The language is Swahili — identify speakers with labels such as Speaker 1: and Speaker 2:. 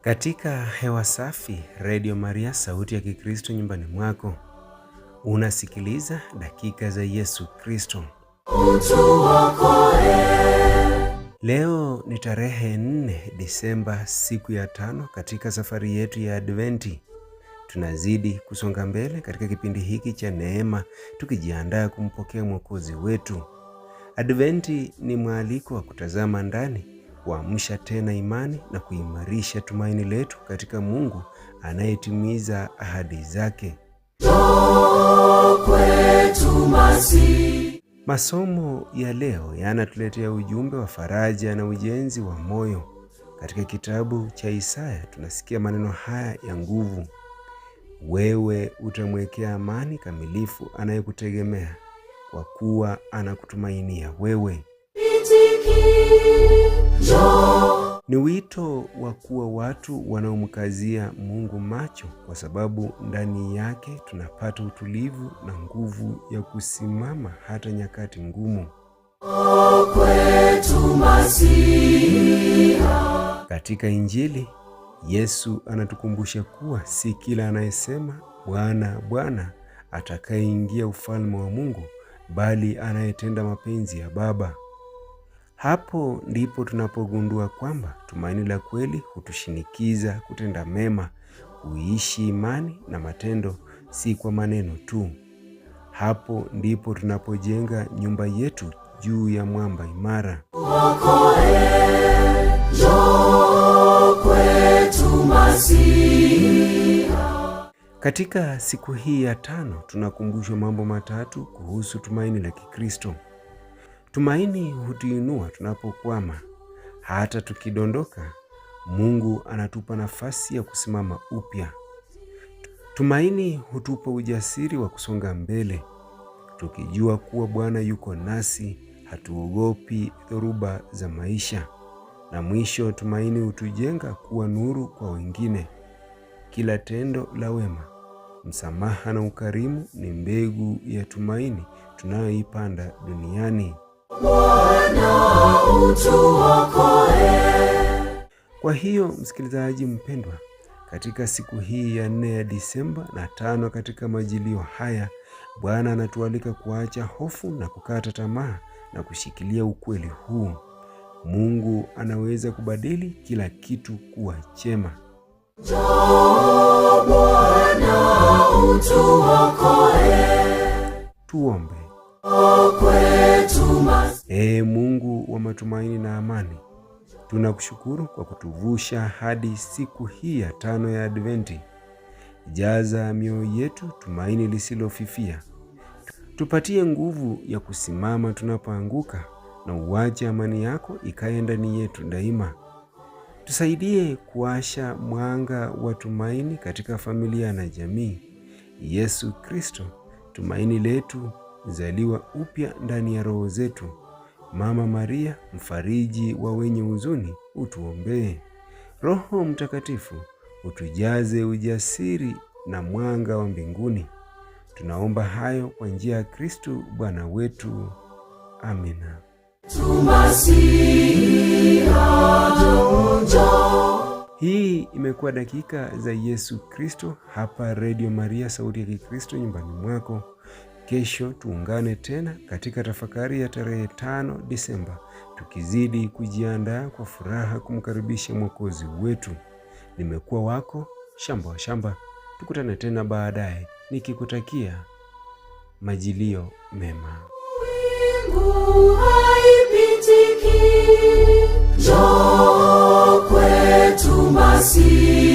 Speaker 1: Katika hewa safi, redio Maria, sauti ya Kikristo nyumbani mwako, unasikiliza dakika za Yesu Kristo. Leo ni tarehe 4 Disemba, siku ya tano katika safari yetu ya Adventi. Tunazidi kusonga mbele katika kipindi hiki cha neema, tukijiandaa kumpokea mwokozi wetu. Adventi ni mwaliko wa kutazama ndani, kuamsha tena imani na kuimarisha tumaini letu katika Mungu anayetimiza ahadi zake. Masomo ya leo yanatuletea ujumbe wa faraja na ujenzi wa moyo. Katika kitabu cha Isaya tunasikia maneno haya ya nguvu: wewe utamwekea amani kamilifu anayekutegemea kwa kuwa anakutumainia wewe. Ni wito wa kuwa watu wanaomkazia Mungu macho, kwa sababu ndani yake tunapata utulivu na nguvu ya kusimama hata nyakati ngumu. Katika Injili Yesu anatukumbusha kuwa si kila anayesema Bwana, Bwana atakayeingia ufalme wa Mungu, bali anayetenda mapenzi ya Baba. Hapo ndipo tunapogundua kwamba tumaini la kweli hutushinikiza kutenda mema, kuishi imani na matendo, si kwa maneno tu. Hapo ndipo tunapojenga nyumba yetu juu ya mwamba imara. Katika siku hii ya tano tunakumbushwa mambo matatu kuhusu tumaini la Kikristo. Tumaini hutuinua tunapokwama, hata tukidondoka, Mungu anatupa nafasi ya kusimama upya. Tumaini hutupa ujasiri wa kusonga mbele, tukijua kuwa Bwana yuko nasi, hatuogopi dhoruba za maisha na mwisho tumaini hutujenga kuwa nuru kwa wengine. Kila tendo la wema, msamaha na ukarimu ni mbegu ya tumaini tunayoipanda duniani. Bwana utuokoe. Kwa hiyo msikilizaji mpendwa, katika siku hii ya nne ya Disemba na tano katika majilio haya, Bwana anatualika kuacha hofu na kukata tamaa na kushikilia ukweli huu. Mungu anaweza kubadili kila kitu kuwa chema. Bwana utuokoe. Tuombe. E Mungu wa matumaini na amani, tunakushukuru kwa kutuvusha hadi siku hii ya tano ya Adventi. Jaza mioyo yetu tumaini lisilofifia, tupatie nguvu ya kusimama tunapoanguka na uwache amani yako ikae ndani yetu daima. Tusaidie kuasha mwanga wa tumaini katika familia na jamii. Yesu Kristo, tumaini letu, zaliwa upya ndani ya roho zetu. Mama Maria, mfariji wa wenye huzuni, utuombee. Roho Mtakatifu, utujaze ujasiri na mwanga wa mbinguni. Tunaomba hayo kwa njia ya Kristu Bwana wetu. Amina. Hii imekuwa dakika za Yesu Kristo hapa redio Maria, sauti ya Kikristo nyumbani mwako. Kesho tuungane tena katika tafakari ya tarehe tano Disemba, tukizidi kujiandaa kwa furaha kumkaribisha mwokozi wetu. Nimekuwa wako Shamba wa Shamba, tukutane tena baadaye nikikutakia majilio mema. Njoo kwetu masihi.